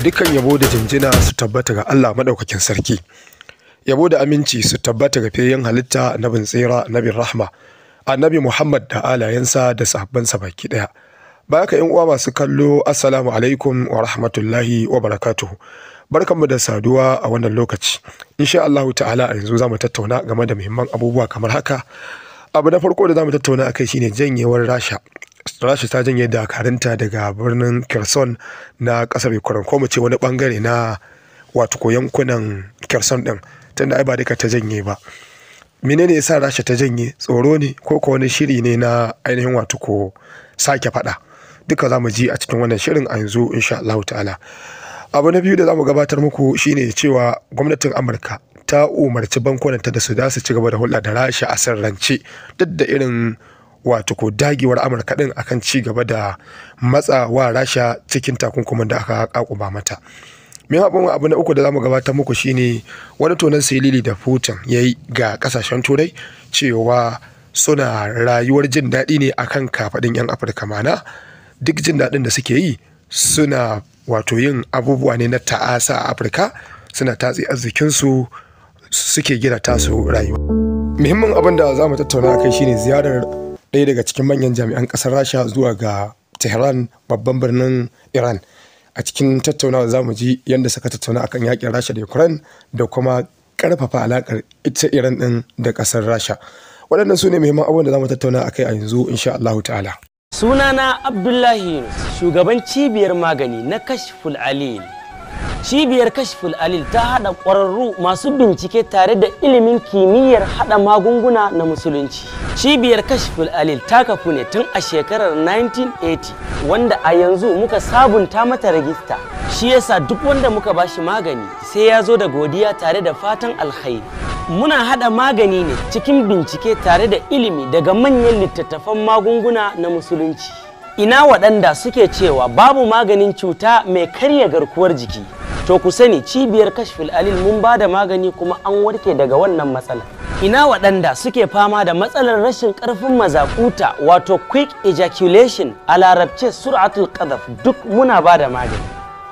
dukkan yabo da jinjina su tabbata ga Allah madaukakin sarki yabo da aminci su tabbata ga fiyayyen halitta nabin tsira nabin rahma annabi Muhammad da alayensa da sahabbansa baki daya baka yan uwa masu kallo assalamu alaikum wa rahmatullahi wa barakatuhu barkanmu da saduwa a wannan lokaci insha Allah ta'ala a yanzu zamu tattauna game da muhimman abubuwa kamar haka abu na farko da zamu tattauna akai shine janyewar Rasha rashi ta janye dakarunta daga birnin kherson na kasar ukraine ko mu ce wani bangare na wato ko yankunan kherson din tunda ai ba duka ta janye ba menene yasa rasha ta janye tsoro ne ko ko wani shiri ne na ainihin wato ko sake fada duka zamu mu ji a cikin wannan shirin a yanzu insha Allah ta'ala abu na biyu da zamu gabatar muku shine cewa gwamnatin amurka ta umarci bankunanta da su da su ci gaba da hulɗa da rasha a sirrance duk da irin wato ko dagewar amurka din akan ci gaba da matsawa rasha cikin takunkumin da aka kakuba mata min abin abu na uku da zamu gabatar muku shine wani tonan silili da putin ya yi ga ƙasashen turai cewa suna rayuwar jin daɗi ne akan kafaɗin 'yan afirka mana duk jin daɗin da suke yi suna wato yin abubuwa ne na ta'asa a afirka suna tatsi arzikinsu suke gina tasu rayuwa muhimmin abin da za mu tattauna kai shine ziyarar ɗaya daga cikin manyan jami'an ƙasar rasha zuwa ga tehran babban birnin iran a cikin tattaunawa za mu ji yadda suka tattauna akan yakin rasha da ukraine da kuma ƙarfafa alakar ita iran ɗin da ƙasar rasha waɗannan su ne muhimman abubuwan da za mu tattauna akai a yanzu insha Allah ta'ala sunana abdullahi shugaban cibiyar magani na kashful alil Cibiyar Kashful Alil ta haɗa ƙwararru masu bincike tare da ilimin kimiyyar haɗa magunguna na musulunci. Cibiyar Kashful Alil ta kafu ne tun a shekarar 1980 wanda a yanzu muka sabunta mata rajista. Shi yasa duk wanda muka bashi magani sai ya zo da godiya tare da fatan alkhairi. Muna haɗa magani ne cikin bincike tare da ilimi daga manyan littattafan magunguna na musulunci. ina waɗanda suke cewa babu maganin cuta mai karya garkuwar jiki to ku sani cibiyar kashfil alil mun ba da magani kuma an warke daga wannan matsala ina waɗanda suke fama da matsalar rashin ƙarfin mazakuta wato quick ejaculation a larabce sur'atul qadaf duk muna ba da magani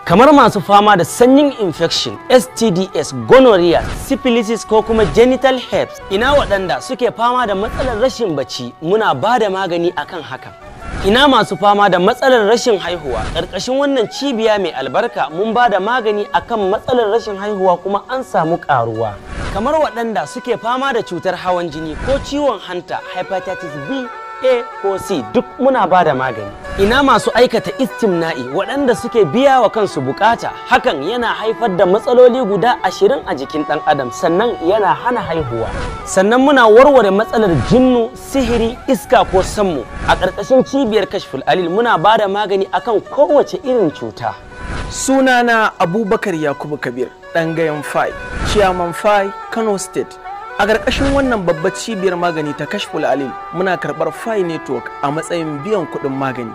kamar masu fama da sanyin infection stds gonorrhea syphilis ko kuma genital herpes ina waɗanda suke fama da matsalar rashin bacci muna ba da magani akan haka. Ina masu fama da matsalar rashin haihuwa ƙarƙashin wannan cibiya mai albarka mun ba da magani akan matsalar rashin haihuwa kuma an samu ƙaruwa. Kamar waɗanda suke fama da cutar hawan jini ko ciwon hanta hepatitis B A ko C duk muna ba da magani. Ina masu aikata istimna'i waɗanda suke biya wa kansu bukata hakan yana haifar da matsaloli guda ashirin a jikin ɗan adam sannan yana hana haihuwa. Sannan muna warware matsalar jinnu, sihiri, iska ko sammu. A ƙarƙashin cibiyar kashful alil muna ba da magani akan kowace irin cuta. Sunana Abubakar Yakubu Kabir, ɗan gayan Fai, Chairman Fai, Kano State. A ƙarƙashin wannan babbar cibiyar magani ta Kashful Alil muna karɓar Fi Network a matsayin biyan kuɗin magani.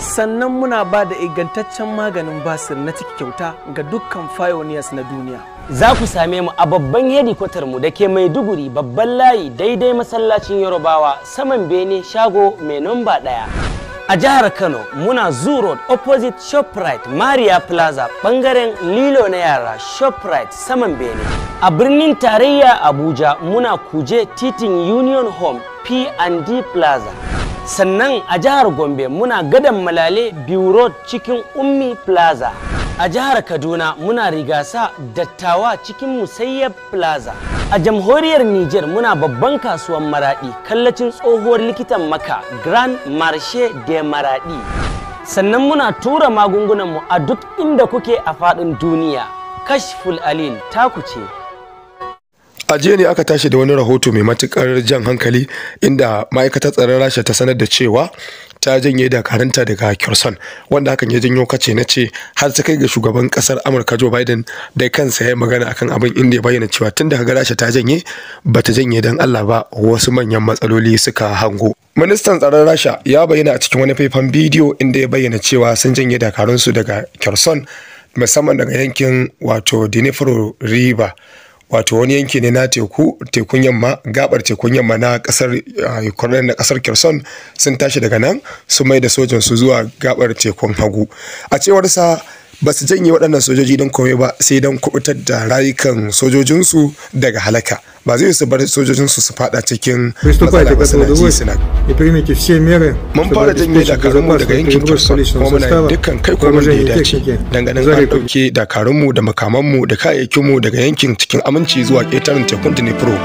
Sannan muna ba da ingantaccen maganin basir na ciki kyauta ga dukkan pioneers na duniya. Za ku same mu a babban hedikwatar mu da ke duguri babban layi daidai masallacin Yarobawa saman Bene shago mai namba ɗaya. a jihar kano muna zoo road opposite shoprite maria plaza bangaren lilo na yara shoprite saman bene a birnin tarayya abuja muna kuje titin union home p&d plaza sannan a jihar gombe muna gadan malale biu road cikin ummi plaza A jihar Kaduna muna rigasa dattawa cikin Musayyab Plaza. A jamhuriyar Nijar muna babban kasuwan maraɗi kallacin tsohuwar likitan maka Grand Marche de Maradi. Sannan muna tura magungunanmu a duk inda kuke a faɗin duniya. Kashful Alil ta kuce. a jiya ne aka tashi da wani rahoto mai matukar jan hankali inda ma'aikatar tsaron rasha ta sanar da cewa ta janye dakaranta daga Kyrson wanda hakan ya janyo kace na ce har ta kai ga shugaban kasar Amurka Joe Biden da kansa ya magana akan abin inda ya bayyana cewa tun da kaga Rasha ta janye bata janye dan Allah ba wasu manyan matsaloli suka hango Ministan tsaron Rasha ya bayyana a cikin wani faifan bidiyo inda ya bayyana cewa sun janye dakaransu daga Kyrson musamman daga yankin wato Dnipro River wato wani yanki ne na teku tekun yamma gabar tekun yamma na kasar ukraine da kasar kherson sun tashi daga nan su mai da sojan su zuwa gabar tekun hagu a cewar sa ba su janye waɗannan sojoji don komai ba sai don kubutar da rayukan sojojinsu daga halaka ba zai su bar sojojin su su fada cikin matsala masanaci suna mun fara janye dakarunmu daga yankin kirkuk kuma muna dukkan kai kuma da ya dace danganin an ɗauke dakarunmu da makamanmu da kayayyakinmu daga yankin cikin aminci zuwa ƙetaren tekun dnipro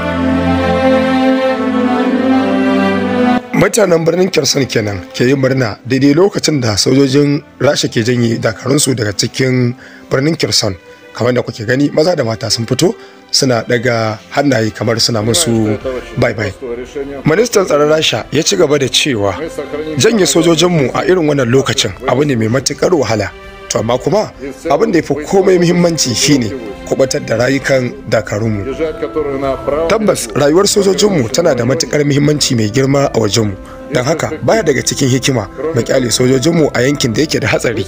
mutanen birnin kerson kenan ke yin murna daidai lokacin da sojojin rasha ke janye dakarunsu daga cikin birnin kerson kamar da kuke gani maza da mata sun fito suna daga hannaye kamar suna musu bye bye ministan tsaron rasha ya ci gaba da cewa janye sojojinmu a irin wannan lokacin abu ne mai matukar wahala to amma kuma abin da ya fi komai muhimmanci shine kubatar da rayukan dakarunmu tabbas rayuwar sojojinmu tana da matukar muhimmanci mai girma a wajenmu don haka baya daga cikin hikima mu kyale sojojinmu a yankin da yake da hatsari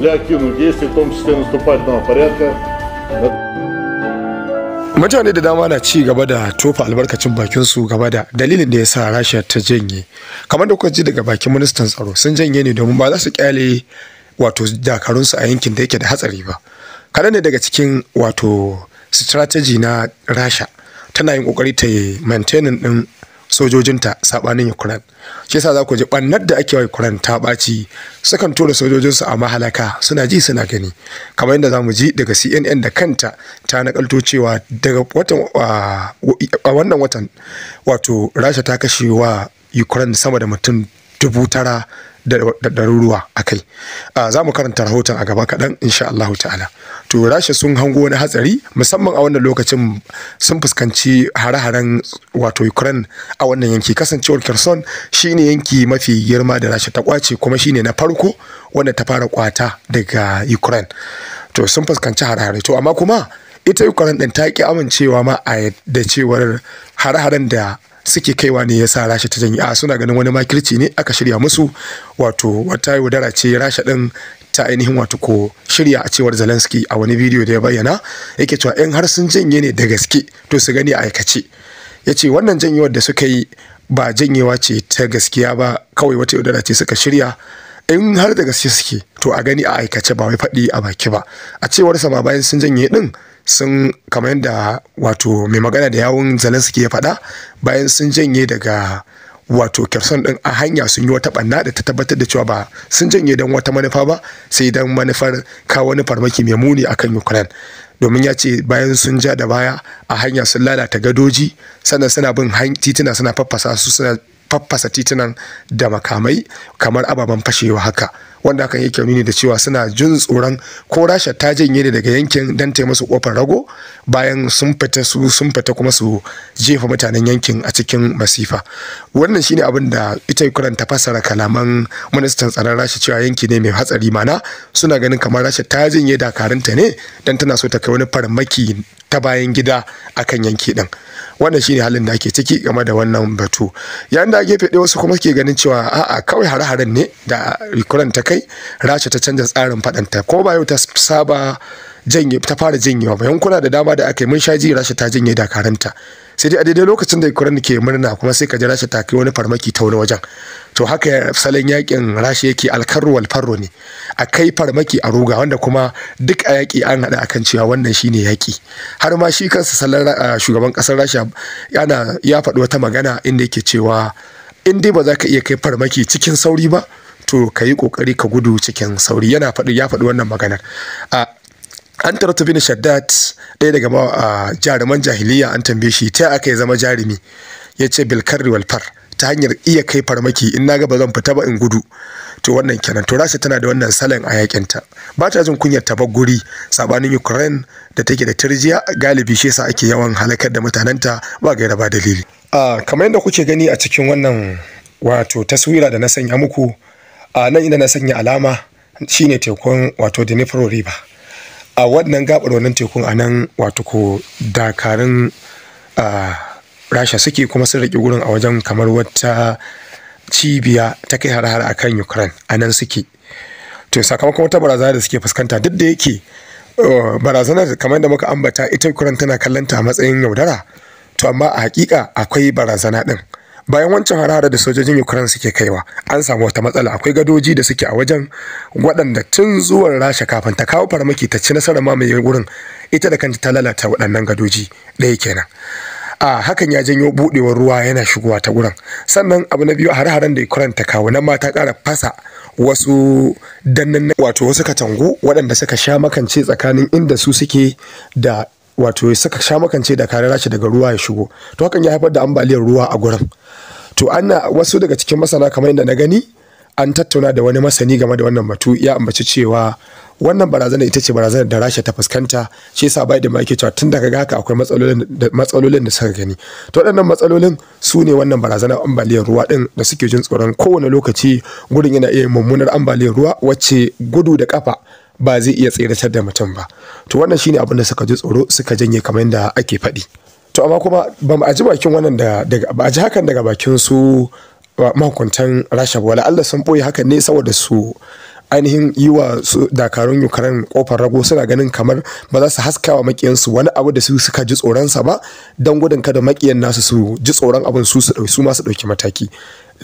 для активных действий, в том числе наступательного порядка. Mutane da dama na ci gaba da tofa albarkacin bakinsu gaba da dalilin da ya sa Rasha ta janye. Kamar da kuka ji daga bakin ministan tsaro sun janye ne domin ba za su kyale wato dakarunsu a yankin da yake da hatsari ba. Kaɗan ne daga cikin wato strategy na Rasha tana yin kokari ta maintaining din sojojinta sabanin Ukraine shi yasa za ku ji bannar da ake wa Ukraine ta ɓaci sukan tura sojojinsu a mahalaka suna ji suna gani kamar yadda za mu ji daga CNN da kanta ta nakalto cewa daga watan a wannan watan wato Rasha ta kashe wa Ukraine sama da mutum dubu tara da ɗaruruwa a kai za mu karanta rahoton a gaba kaɗan insha Allahu ta'ala wato rasha sun hango wani hatsari musamman a wannan lokacin sun fuskanci hare-haren wato ukraine a wannan yanki kasancewar kherson shine yanki mafi girma da rasha ta kwace kuma shine na farko wanda ta fara kwata daga ukraine to sun fuskanci hare-hare to amma kuma ita ukraine din ta ki amincewa ma a da cewar hare-haren da suke kaiwa ne ya sa rasha ta janyi. a suna ganin wani makirci ne aka shirya musu wato wata yaudara ce rasha din ta ainihin wato ko shirya a cewar zelensky a wani bidiyo da ya bayyana yake cewa 'Yan har sun janye ne da gaske to su gani a aikace ya ce wannan janyewar da suka yi ba janyewa ce ta gaskiya ba kawai wata yaudara ce suka shirya in har da gaske suke to a gani a aikace ba wai faɗi a baki ba a cewar sama bayan sun janye din sun kamar yadda wato mai magana da yawun zelensky ya faɗa bayan sun janye daga wato kyarson din a hanya sun yi wata banna da ta tabbatar da cewa ba sun janye don wata manufa ba sai don manufar kawo wani farmaki mai muni akan ukraine domin ya ce bayan sun ja da baya a hanya sun lalata gadoji sannan suna bin titina suna faffasa su suna faffasa titunan da makamai kamar ababen fashewa haka wanda hakan yake nuni da cewa suna jin tsoron ko rasha ta janye ne daga yankin don taimaka masu kofar rago bayan sun fita su sun fita kuma su jefa mutanen yankin a cikin masifa wannan shine abin da ita ukraine ta fassara kalaman ministan tsaron rasha cewa yanki ne mai hatsari mana suna ganin kamar rasha ta janye dakarunta ne don tana so ta kai wani farmaki ta bayan gida akan yanki ɗin. wannan shine halin da ake ciki game da wannan batu yayin da gefe ɗaya wasu kuma ke ganin cewa a'a kawai hare-haren ne da ukraine ta kai rasha ta canza tsarin faɗanta ko ba yau ta saba ta fara janyewa ba yankuna da dama da aka yi mun sha ji rasha ta janye dakaranta sai dai a daidai lokacin da ukraine ke murna kuma sai ka ji rasha ta kai wani farmaki ta wani wajen to haka salon yakin rasha yake alkarru wal farro ne a kai farmaki a ruga wanda kuma duk a yaki an hada akan cewa wannan shine yaki har ma shi kansa salon shugaban kasar rasha yana ya faɗi wata magana inda yake cewa in dai ba za ka iya kai farmaki cikin sauri ba to ka yi kokari ka gudu cikin sauri yana faɗi ya faɗi wannan maganar an tarata bin shaddad ɗaya daga ma a jaruman jahiliya an tambaye shi ta aka zama jarumi ya ce bilkarri walfar ta hanyar iya kai farmaki in na ga ba zan fita ba in gudu to wannan kenan to rasha tana da wannan salon a yakinta ba ta jin kunyar guri sabanin ukraine da take da tarjiya galibi shi yasa ake yawan halakar da mutanenta ba gaira ba dalili a kamar yadda kuke gani a cikin wannan wato taswira da na sanya muku a nan ina na sanya alama shine tekun wato dnipro river a wannan gabar wannan tekun a nan wato ko dakarun rasha suke kuma sun rike gurin a wajen kamar wata cibiya ta kai har-har a kan ukraine a nan suke to sakamakon wata barazana da suke fuskanta duk da yake uh, barazanar kamar da muka ambata ita ukraine tana kallon ta a matsayin yaudara to amma a hakika akwai barazana din bayan wancan harare da sojojin ukraine suke kaiwa an samu wata matsala akwai gadoji da suke a wajen waɗanda tun zuwan rasha kafin ta kawo farmaki ta ci nasarar mamaye wurin ita da kanta ta lalata waɗannan gadoji ɗaya kenan a hakan ya janyo buɗewar ruwa yana shigowa ta gurin sannan abu na biyu a har-haren da ukraine ta kawo nan ma ta ƙara fasa wasu dannan wato wasu katangu waɗanda suka sha makance tsakanin inda su suke da wato suka sha makance da kare rashi daga ruwa ya shigo to hakan ya haifar da ambaliyar ruwa a gurin to ana wasu daga cikin masana kamar yadda na gani an tattauna da wani masani game da wannan batu ya ambaci cewa wannan barazana ita ce barazanar da rasha ta fuskanta shi yasa bai da yake cewa tun daga haka akwai matsalolin da suka gani to waɗannan matsalolin su ne wannan barazanar ambaliyar ruwa din da suke jin tsoron kowane lokaci gudun yana iya mummunar ambaliyar ruwa wacce gudu da kafa ba zai iya tseratar da mutum ba to wannan shine abin da suka ji tsoro suka janye kamar yadda ake faɗi. to amma kuma ba a ji bakin wannan da ba a ji hakan daga bakin su mahukuntan rasha ba Allah sun boye hakan ne saboda su ainihin yi wa su dakarun ukraine kofar rago suna ganin kamar ba za su haska wa makiyansu wani abu da su suka ji tsoronsa ba don gudun kada makiyan nasu su ji tsoron abin su su ɗauki su ma su ɗauki mataki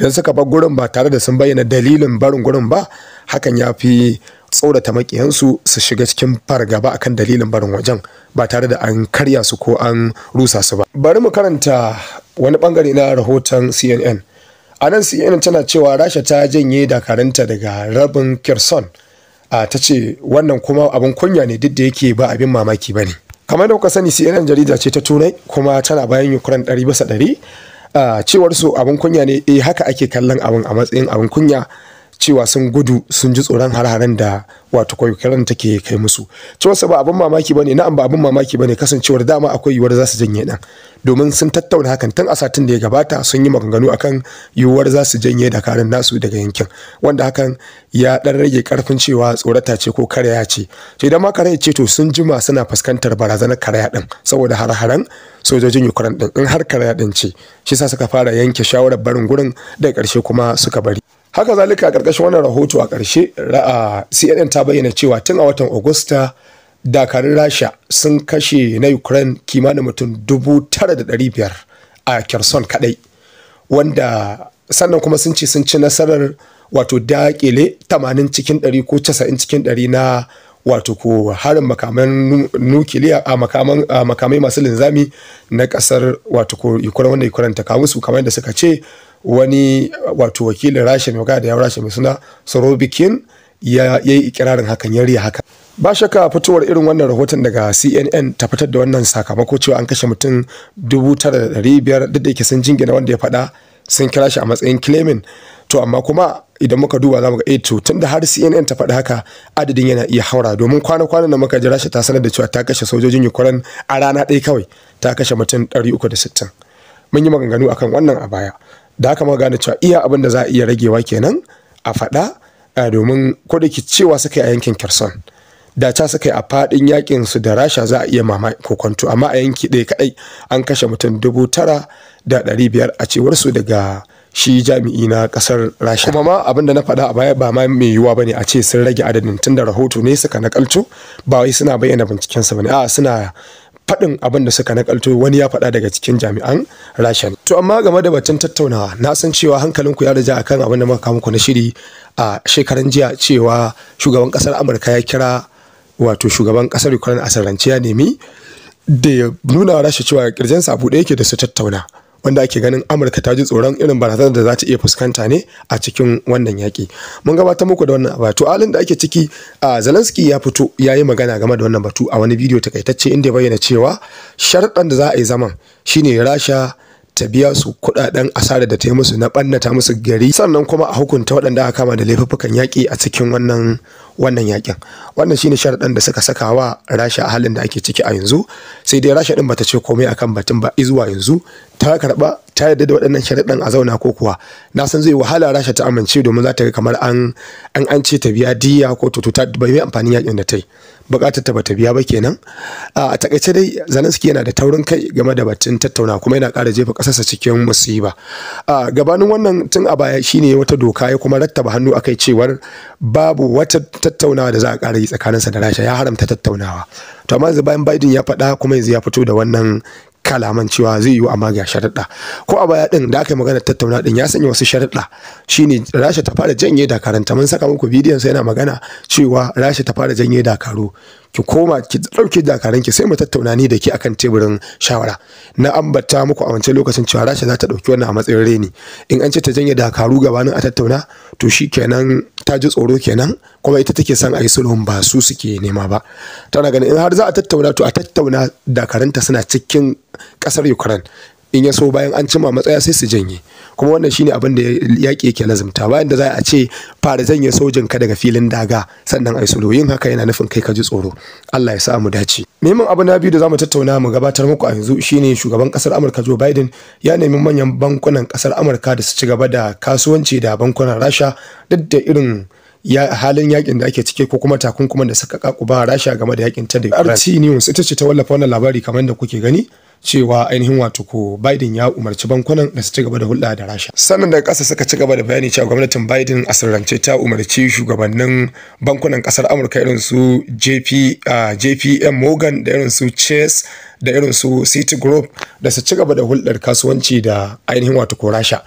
idan suka bar gurin ba tare da sun bayyana dalilin barin gurin ba hakan ya fi tsorata makiyansu su shiga cikin fargaba akan dalilin barin wajen ba tare da an karya su ko an rusa su ba bari mu karanta wani bangare na rahoton cnn a nan cnn tana cewa rasha ta janye dakaranta daga rabin Kirson. a ta ce wannan kuma abin kunya ne duk da yake ba abin mamaki ba ne kamar da kuka sani cnn jarida ce ta turai kuma tana bayan ukraine ɗari bisa ɗari cewar su abin kunya ne eh haka ake kallon abin a matsayin abin kunya cewa sun gudu sun ji tsoron har-haren da wato kwaikwayon take kai musu cewarsa ba abin mamaki bane na'am ba abin mamaki bane kasancewar dama akwai yiwuwar za su janye dan domin sun tattauna hakan tun a satin da ya gabata sun yi maganganu akan yiwuwar za su janye dakarun nasu daga yankin wanda hakan ya dan rage karfin cewa tsorata ce ko karaya ce to idan ma karaya ce to sun jima suna fuskantar barazanar karaya din saboda har-haren sojojin Ukraine din in har karaya din ce shi sa suka fara yanke shawarar barin gurin da karshe kuma suka bari haka zalika a ƙarƙashin wannan rahoto a ƙarshe cnn ta bayyana cewa tun a watan agusta dakarun rasha sun kashe na ukraine kimanin mutum 9,500 a kherson kadai wanda sannan kuma sun ce sun ci nasarar wato dakile 80 cikin 100 ko 90 cikin 100 na wato ko harin makaman nukiliya a makamai masu linzami na kasar wato ko ukraine wanda ukraine ta kawo su kamar yadda suka ce wani wato wakilin rasha mai magana da yawon rasha mai suna sorobikin ya yi ikirarin hakan ya riya haka ba shakka fitowar irin wannan rahoton daga cnn ta fitar da wannan sakamako cewa an kashe mutum 9,500 duk da yake sun jingina wanda ya faɗa sun kira shi a matsayin claiming to amma kuma idan muka duba za mu ga eh tun da har CNN ta faɗi haka adadin yana iya haura domin kwana kwana da muka ji Rasha ta sanar da cewa ta kashe sojojin Ukraine a rana ɗaya kawai ta kashe mutum 360 mun yi maganganu akan wannan a baya da haka ma gane cewa iya abin da za a iya ragewa kenan a faɗa domin ko da cewa suka yi a yankin kerson da ta suka yi a faɗin yakin su da Rasha za a iya mama kokonto amma a yanki ɗaya kaɗai an kashe mutum dubu tara da ɗari biyar a cewar su daga shi jami'i na kasar rasha kuma ma abin da na faɗa a baya ba ma mai yiwuwa ne a ce sun rage adadin tunda rahoto ne suka nakalto ba wai suna bayyana binciken ba ne a suna faɗin abin da suka nakalto wani ya faɗa daga cikin jami'an rasha to amma game da batun tattaunawa na san cewa hankalinku ya raja akan abin da muka muku na shiri a shekaran jiya cewa shugaban kasar amurka ya kira wato shugaban kasar ukraine a sarrance ya nemi da ya nuna rasha cewa kirjinsa a buɗe yake da su tattauna wanda ake ganin amurka ta ji tsoron irin barazanar da za ta iya fuskanta ne a cikin wannan yaƙi mun gabatar muku da wannan batu halin da ake ciki a zelensky ya fito ya yi magana game da wannan batu a wani bidiyo takaitacce inda ya bayyana cewa sharɗan da za a yi zaman shine rasha ta biya su kudaden asarar da ta yi musu na ɓannata musu gari sannan kuma a hukunta waɗanda aka kama da laifukan yaƙi a cikin wannan wannan yaƙin wannan shine sharaɗin da suka saka wa rasha halin da ake ciki a yanzu sai dai rasha ɗin bata ce komai akan batun ba izuwa yanzu ta karɓa ta yarda da waɗannan sharaɗin a zauna ko kuwa na san zai wahala rasha ta amince domin za ta ga kamar an an an ce ta biya diya ko to ta bai amfani yakin da ta yi Buƙatar ta bata biya ba kenan a takaice dai zanenski yana da taurin kai game da batun tattauna kuma yana ƙara jefa ƙasarsa cikin musiba a gabanin wannan tun a baya shine wata doka ya kuma rattaba hannu akai cewar babu wata tattaunawa da za a ƙara yi tsakaninsa da rasha ya haramta tattaunawa to amma yanzu bayan Biden ya faɗa kuma yanzu ya fito da wannan kalaman cewa zai yiwu amma ga sharaɗa ko a baya din da aka yi magana tattauna din ya sanya wasu sharaɗa shine rasha ta fara janye dakaranta mun saka muku bidiyon sa yana magana cewa rasha ta fara janye dakaru ki koma ki ɗauki dakaranki sai mu tattauna ni da ke akan teburin shawara na ambata muku a wancan lokacin cewa rasha za ta ɗauki wannan a matsayin reni in an ce ta janye dakaru gabanin a tattauna to shi kenan ta ji tsoro kenan kuma ita take son a yi sulhun ba su suke nema ba tana ganin in har za a tattauna to a tattauna dakaranta suna cikin kasar ukraine in ya so bayan an cima matsaya sai su janye kuma wannan shine abin da yaƙi yake lazimta bayan da za a ce fara janye sojin ka daga filin daga sannan ai sulo yin haka yana nufin kai ka ji tsoro Allah ya sa mu dace neman abu na biyu da zamu tattauna mu gabatar muku a yanzu shine shugaban kasar Amurka Joe Biden ya nemi manyan bankunan kasar Amurka da su ci gaba da kasuwanci da bankunan Rasha duk da irin ya halin yakin da ake cike ko kuma takunkuman da suka kakuba rasha game da yakin ta da RT News ita ce ta wallafa wannan labari kamar da kuke gani cewa ainihin wato ko Biden ya umarci bankunan da su ci gaba da hulɗa da Rasha. Sannan daga ƙasa suka ci gaba da bayani cewa gwamnatin Biden a sirrance ta umarci shugabannin bankunan ƙasar Amurka irin su JP, JPM Morgan da irin su Chase da irin su City da su ci gaba da hulɗar kasuwanci da ainihin wato ko Rasha.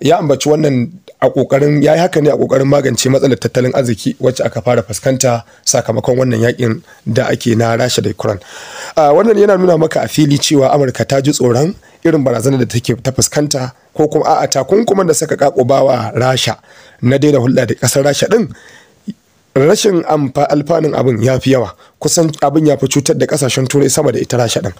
ya ambaci wannan a kokarin ya haka ne a kokarin magance matsalar tattalin arziki wacce aka fara fuskanta sakamakon wannan yakin da ake na rasha da ukraine ah, wannan yana nuna maka a fili cewa amurka ta ji tsoron irin barazanar da take ta fuskanta ko kuma a'a takunkuman da suka kakobawa rasha na daina hulɗa da ƙasar rasha ɗin rashin alfanun abin ya fi yawa kusan abin ya fi cutar da ƙasashen turai sama da ita rasha ɗin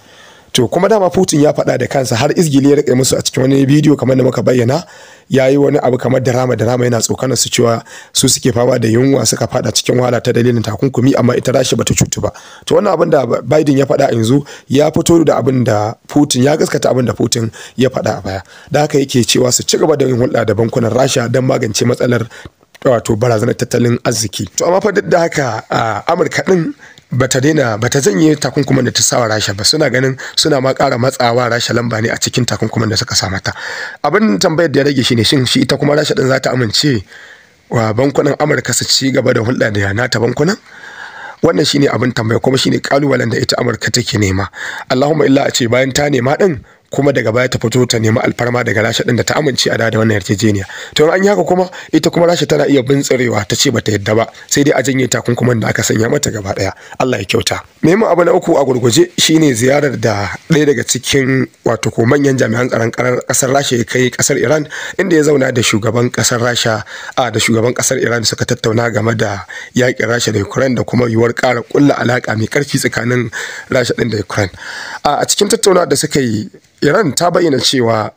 to kuma dama putin ya faɗa da kansa har izgili ya rike musu a cikin wani bidiyo kamar da muka bayyana ya yi wani abu kamar darama darama yana tsokanar su cewa su suke fama da yunwa suka fada cikin wahala ta dalilin takunkumi amma ita rashi bata cutu ba to wannan abin da biden ya faɗa yanzu ya fito da abin da putin ya gaskata abin da putin ya faɗa a baya da haka yake cewa su ci gaba da yin hulɗa da bankunan rasha don magance matsalar wato barazanar tattalin arziki to amma fa duk da haka amurka din bata daina bata yi takunkuman da ta sa wa rasha ba suna ganin suna ma ƙara matsawa rasha lamba ne a cikin takunkuman da suka sa mata abin tambayar da ya rage shine shin shi ita kuma rasha din za ta amince wa bankunan amurka su ci gaba da hulɗa da nata bankunan wannan shine abin tambaya kuma shine kalubalen da ita amurka take nema allahumma illa a ce bayan ta nema din kuma daga baya ta fito ta nemi alfarma daga rasha din da ta amince a da wannan yarjejeniya to an yi haka kuma ita kuma rasha tana iya bintsarewa ta ce bata yadda ba sai dai a janye takunkuman da aka sanya mata gaba daya Allah ya kyauta muhimmin abu na uku a gurguje shine ziyarar da ɗaya daga cikin wato ko manyan jami'an tsaron ƙasar rasha ya kai ƙasar iran inda ya zauna da shugaban ƙasar rasha a da shugaban ƙasar iran suka tattauna game da yakin rasha da ukraine da kuma yiwuwar ƙara kulla alaƙa mai ƙarfi tsakanin rasha din da ukraine a cikin tattauna da suka yi Iran ta bayyana cewa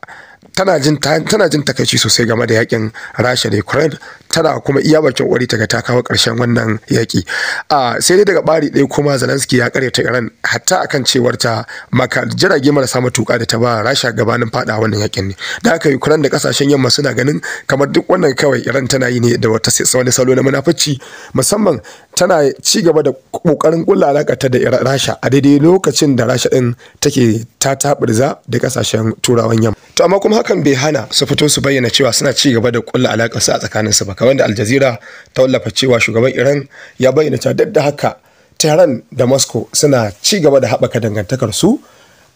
tana jin tana jin takaici sosai game da yakin Rasha da Ukraine tana kuma iya bakin kwari ta ga ta kawo karshen wannan yaki a sai dai daga bari ɗaya kuma Zelensky ya karyata ta Iran hatta akan cewar ta maka jirage marasa matuka da ta ba Rasha gabanin fada wannan yakin ne da haka Ukraine da kasashen yamma suna ganin kamar duk wannan kawai Iran tana yi ne da wata wani salo na munafici musamman tana ci gaba da kokarin kula alaka ta da Rasha a daidai lokacin da Rasha din take ta tabirza da kasashen turawan yamma to amma kuma hakan bai hana su fito su bayyana cewa suna ci gaba da kulla alakar su a tsakanin su ba kamar da aljazira ta wallafa cewa shugaban Iran ya bayyana cewa duk da haka Tehran da Moscow suna ci gaba da haɓaka dangantakar su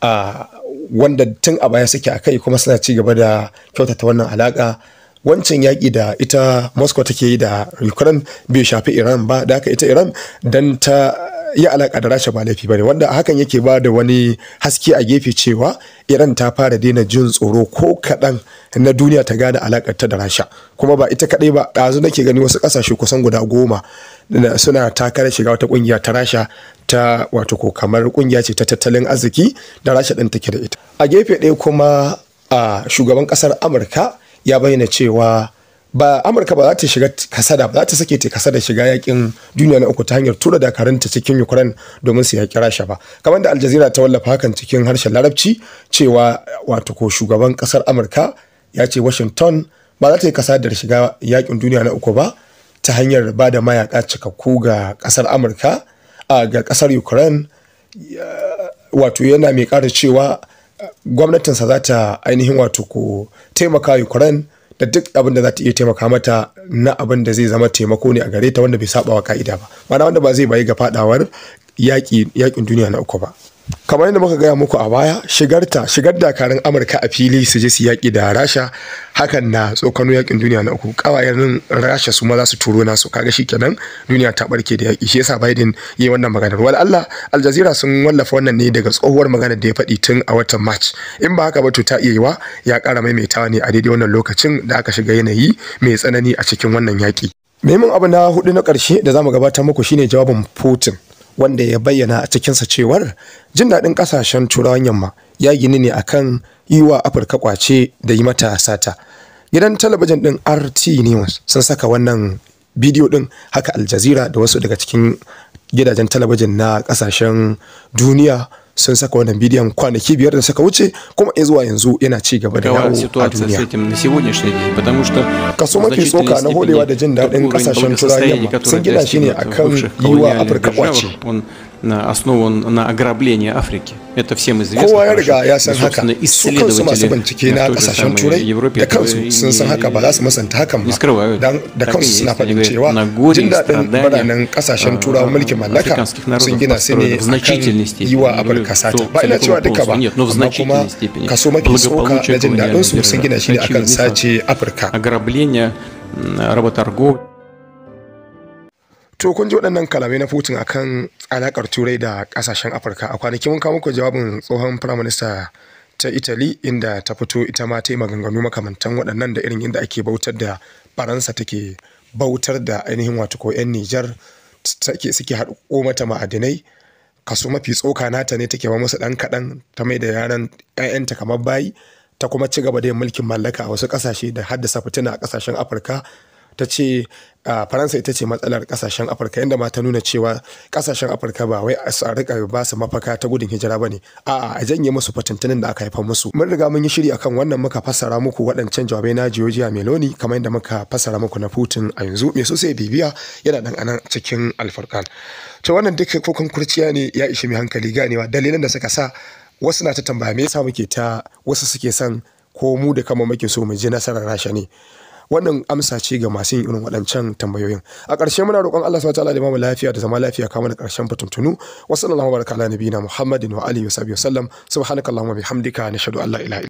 a wanda tun a baya suke akai kuma suna ci gaba da kyautata wannan alaƙa wancan yaƙi da ita moscow take yi da ukraine bai shafi iran ba da haka ita iran dan ta iya alaka da rasha ba laifi bane wanda hakan yake ba da wani haske a gefe cewa iran ta fara daina jin tsoro ko kaɗan na duniya ta gane alakar ta da rasha kuma ba ita kaɗai ba ɗazu nake gani wasu ƙasashe kusan guda goma suna takarar shiga wata ƙungiya ta rasha ta wato ko kamar ƙungiya ce ta tattalin arziki da rasha ɗin take da ita a gefe ɗaya kuma a shugaban ƙasar amurka ya bayyana cewa ba amurka ba za ta shiga kasada ba za ta sake ta kasada shiga yakin duniya na uku ta hanyar tura dakarunta cikin ukraine domin su yaƙi rasha ba kamar da aljazira ta wallafa hakan cikin harshen larabci cewa wato ko shugaban kasar amurka ya ce washington ba za ta yi kasadar shiga yakin duniya na uku ba ta hanyar ba da mayaka cikakku ga kasar amurka a ga kasar ukraine wato yana mai kara cewa gwamnatinsa za ta ainihin wato ko taimaka ukraine da duk abin da za ta iya taimaka mata na abin da zai zama taimako ne a gare ta wanda bai saba wa ka'ida ba ma'ana wanda ba zai bayi ga fadawar yaƙin duniya na uku ba kamar yadda muka gaya muku a baya shigarta shigar dakarun amurka a fili su je su yaƙi da rasha hakan na tsokano yaƙin duniya na uku kawayen rasha su ma za su turo nasu kaga shi kenan duniya ta barke da yaƙi shi yasa biden ya yi wannan maganar wal allah aljazira sun wallafa wannan ne daga tsohuwar maganar da ya faɗi tun a watan march in ba haka ba to ta iya yiwa ya ƙara maimaitawa ne a daidai wannan lokacin da aka shiga yanayi mai tsanani a cikin wannan yaƙi. Maimin abu na hudu na ƙarshe da za mu gabatar muku shine jawabin Putin wanda ya bayyana a cikinsa cewar jin daɗin ƙasashen turawan yamma ya gini ne akan yi wa afirka kwace da yi mata sata gidan talabijin ɗin rt news sun saka wannan bidiyo ɗin haka aljazira da wasu daga cikin gidajen talabijin na ƙasashen duniya sun saka wannan bidiyon kwanaki biyar da suka wuce kuma ya zuwa yanzu yana ci gaba da yawo a duniya. Kaso mafi tsoka na hodewa da jin daɗin ƙasashen turaniya sun gina shi ne akan yi wa Afirka ƙwace. основан на ограблении Африки. Это всем известно. Kowa ya riga ya san haka. Su kansu masu bincike na kasashen Turai da kansu sun san haka ba za su masanta hakan ba. Dan da kansu suna faɗin cewa jin daɗin biranen kasashen Turawa mulkin mallaka sun gina su ne akan yi wa Afirka sata. Ba ina cewa duka ba, amma kuma kaso mafi tsoka na jin daɗin su sun gina shi ne akan sace Afirka. Ограбление работорговли. to kun ji waɗannan kalamai na a kan alakar turai da ƙasashen afirka a kwanaki mun kawo muku jawabin tsohon firaminista ta itali inda ta fito ita ma ta yi maganganu makamantan waɗannan da irin inda ake bautar da faransa take bautar da ainihin wato ko 'yan nijar suke haɗo mata ma'adinai kaso mafi tsoka nata ne take ba musu ɗan kaɗan ta mai da yaran 'ya'yanta kamar bayi ta kuma ci gaba da yin mulkin mallaka a wasu ƙasashe da haddasa fitina a ƙasashen afirka ta ce faransa ita ce matsalar kasashen afirka inda ma ta nuna cewa kasashen afirka ba wai a rika ba su mafaka ta gudun hijira ba ne a a janye musu fatantunan da aka haifa musu mun riga mun yi shiri akan wannan muka fassara muku waɗancan jawabai na mai Meloni kamar yadda muka fassara muku na Putin a yanzu mai so sai bibiya yana dan anan cikin alfarkan to wannan duk kokon kurciya ne ya ishi mai hankali ganewa dalilan da suka sa wasu na ta tambaya me yasa muke ta wasu suke son ko mu da kama muke so mu ji nasarar rasha ne wannan amsa ce ga masu yin irin waɗancan tambayoyin a ƙarshe muna roƙon Allah subhanahu wataala da mu lafiya da zama lafiya kama da ƙarshen fatuntunu wa sallallahu alaihi wa alihi wa sahbihi wa sallam subhanakallahumma bihamdika nashhadu an la ilaha